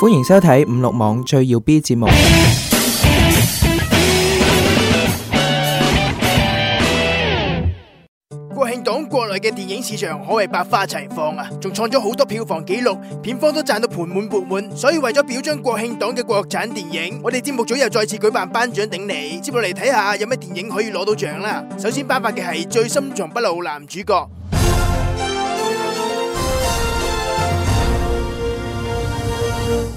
歡迎收睇五六網最耀 B 節目。國慶檔國內嘅電影市場可謂百花齊放啊，仲創咗好多票房紀錄，片方都賺到盆滿鉢滿。所以為咗表彰國慶檔嘅國產電影，我哋節目組又再次舉辦班長頂你，接落嚟睇下有咩電影可以攞到獎啦。首先頒發嘅係最深藏不露男主角。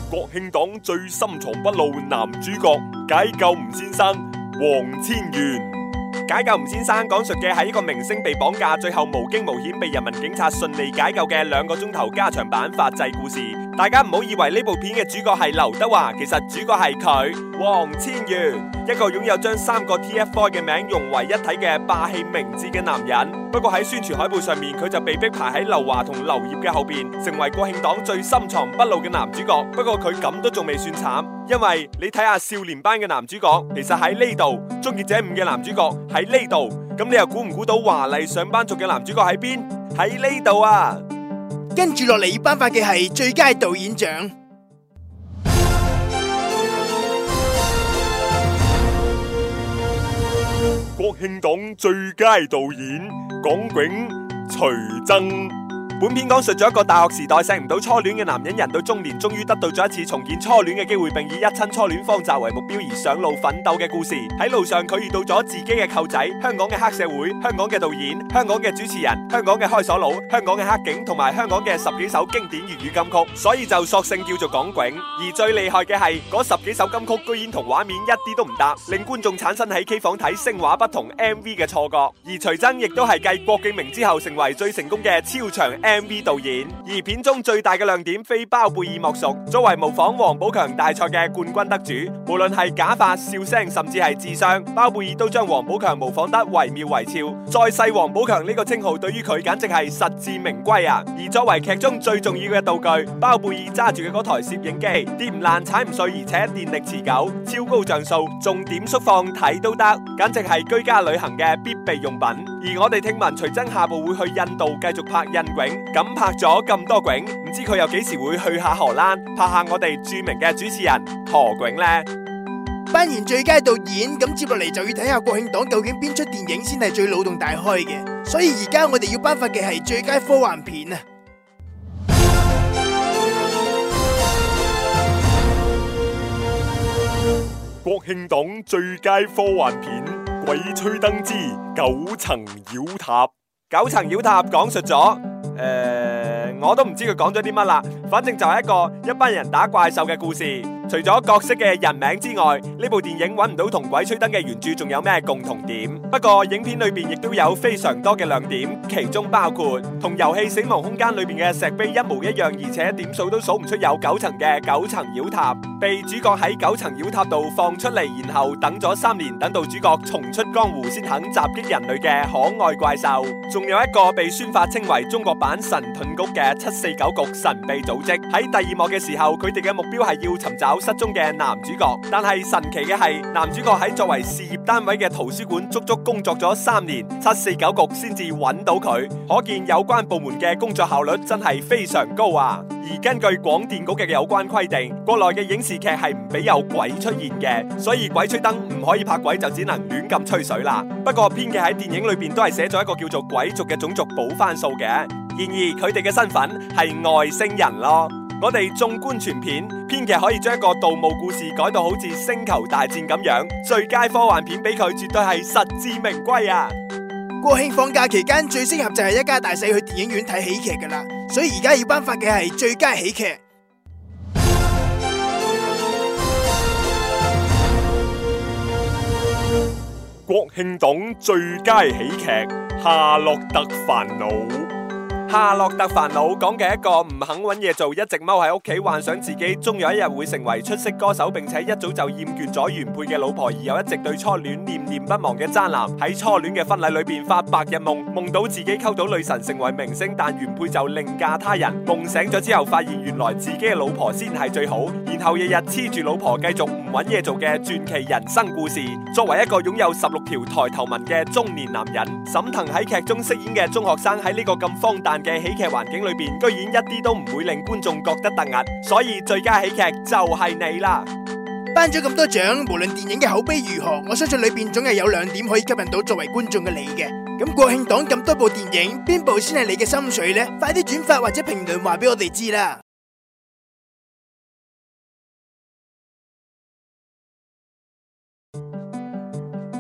國慶檔最深藏不露男主角，解救吳先生黃千源。解救吳先生講述嘅係一個明星被綁架，最後無驚無險被人民警察順利解救嘅兩個鐘頭加長版法制故事。大家唔好以為呢部片嘅主角係劉德華，其實主角係佢王千源，一個擁有將三個 TFboys 嘅名融為一體嘅霸氣名字嘅男人。不過喺宣傳海報上面，佢就被迫排喺劉華同劉燁嘅後邊，成為國慶檔最深藏不露嘅男主角。不過佢咁都仲未算慘，因為你睇下少年班嘅男主角，其實喺呢度，終結者五嘅男主角喺呢度，咁你又估唔估到華麗上班族嘅男主角喺邊？喺呢度啊！跟住落嚟要頒發嘅係最佳導演獎，國慶檔最佳導演港囧徐崢。本片講述咗一個大學時代醒唔到初戀嘅男人，人，人到中年終於得到咗一次重建初戀嘅機會，並以一親初戀芳澤為目標而上路奮鬥嘅故事。喺路上佢遇到咗自己嘅舅仔、香港嘅黑社會、香港嘅導演、香港嘅主持人、香港嘅開鎖佬、香港嘅黑警同埋香港嘅十幾首經典粵語，語金曲，所以就索性叫做港囧。而最厲害嘅係嗰十幾首金曲居然同畫面一啲都唔搭，令觀眾產生喺 K 房睇聲畫不同 M V 嘅錯覺。而徐崢亦都係繼郭敬明之後，成為最成功嘅超長。M V 導演，而片中最大嘅亮點非包貝爾莫屬。作為模仿王寶強大賽嘅冠軍得主，無論係假髮、笑聲，甚至係智商，包貝爾都將王寶強模仿得惟妙惟肖。再世王寶強呢個稱號對於佢簡直係實至名歸啊！而作為劇中最重要嘅道具，包貝爾揸住嘅嗰台攝影機跌唔爛、踩唔碎，而且電力持久、超高像素、重點縮放睇都得，簡直係居家旅行嘅必備用品。而我哋聽聞徐崢下部會去印度繼續拍印影。咁拍咗咁多囧，唔知佢又幾時會去下荷蘭拍下我哋著名嘅主持人何炅呢？頒完最佳導演，咁接落嚟就要睇下國慶檔究竟邊出電影先係最腦洞大開嘅。所以而家我哋要頒發嘅係最佳科幻片啊！國慶檔最佳科幻片《鬼吹燈之九層妖塔》。九層妖塔講述咗，誒、呃，我都唔知佢講咗啲乜啦，反正就係一個一班人打怪獸嘅故事。除咗角色嘅人名之外，呢部電影揾唔到同《鬼吹燈》嘅原著仲有咩共同點？不過影片裏邊亦都有非常多嘅亮點，其中包括同遊戲《死亡空間》裏邊嘅石碑一模一樣，而且點數都數唔出有九層嘅九層妖塔，被主角喺九層妖塔度放出嚟，然後等咗三年，等到主角重出江湖先肯襲擊人類嘅可愛怪獸。仲有一個被宣發稱為中國版神盾局嘅七四九局神秘組織，喺第二幕嘅時候，佢哋嘅目標係要尋找。失蹤嘅男主角，但係神奇嘅係，男主角喺作為事業單位嘅圖書館足足工作咗三年，七四九局先至揾到佢，可見有關部門嘅工作效率真係非常高啊！而根據廣電局嘅有關規定，國內嘅影視劇係唔俾有鬼出現嘅，所以鬼吹燈唔可以拍鬼，就只能亂咁吹水啦。不過編劇喺電影裏邊都係寫咗一個叫做鬼族嘅種族補翻數嘅，然而佢哋嘅身份係外星人咯。我哋縱觀全片，編劇可以將一個盜墓故事改到好似星球大戰咁樣，最佳科幻片俾佢絕對係實至名歸啊！國慶放假期間最適合就係一家大細去電影院睇喜劇噶啦，所以而家要頒發嘅係最佳喜劇。國慶檔最佳喜劇《夏洛特煩惱》。夏洛特煩惱講嘅一個唔肯揾嘢做，一直踎喺屋企幻想自己終有一日會成為出色歌手，並且一早就厭倦咗原配嘅老婆，而又一直對初戀念念不忘嘅渣男，喺初戀嘅婚禮裏邊發白日夢，夢到自己溝到女神成為明星，但原配就另嫁他人。夢醒咗之後，發現原來自己嘅老婆先係最好，然後日日黐住老婆繼續唔揾嘢做嘅傳奇人生故事。作為一個擁有十六條抬頭紋嘅中年男人，沈騰喺劇中飾演嘅中學生喺呢個咁荒誕嘅喜劇環境裏邊，居然一啲都唔會令觀眾覺得突兀，所以最佳喜劇就係你啦！頒咗咁多獎，無論電影嘅口碑如何，我相信裏邊總係有兩點可以吸引到作為觀眾嘅你嘅。咁國慶檔咁多部電影，邊部先係你嘅心水呢？快啲轉發或者評論，話俾我哋知啦！